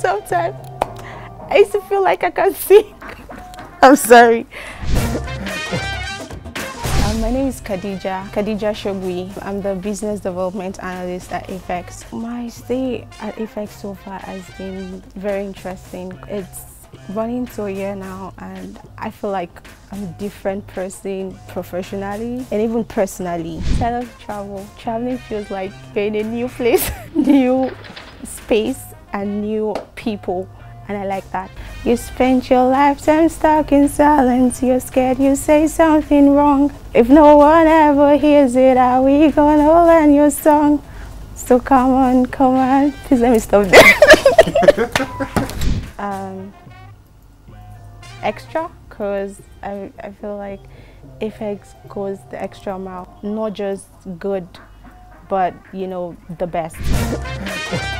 sometimes I used to feel like I can sing. I'm sorry. um, my name is Khadija, Khadija Shogui. I'm the business development analyst at Apex. My stay at Apex so far has been very interesting. It's running to a year now and I feel like I'm a different person professionally and even personally. Instead travel, traveling feels like being in a new place, new space and new people and I like that. You spent your lifetime stuck in silence, you're scared you say something wrong. If no one ever hears it, are we gonna learn your song? So come on, come on. Please let me stop there. um, extra, because I, I feel like FX goes the extra mile, not just good, but you know, the best.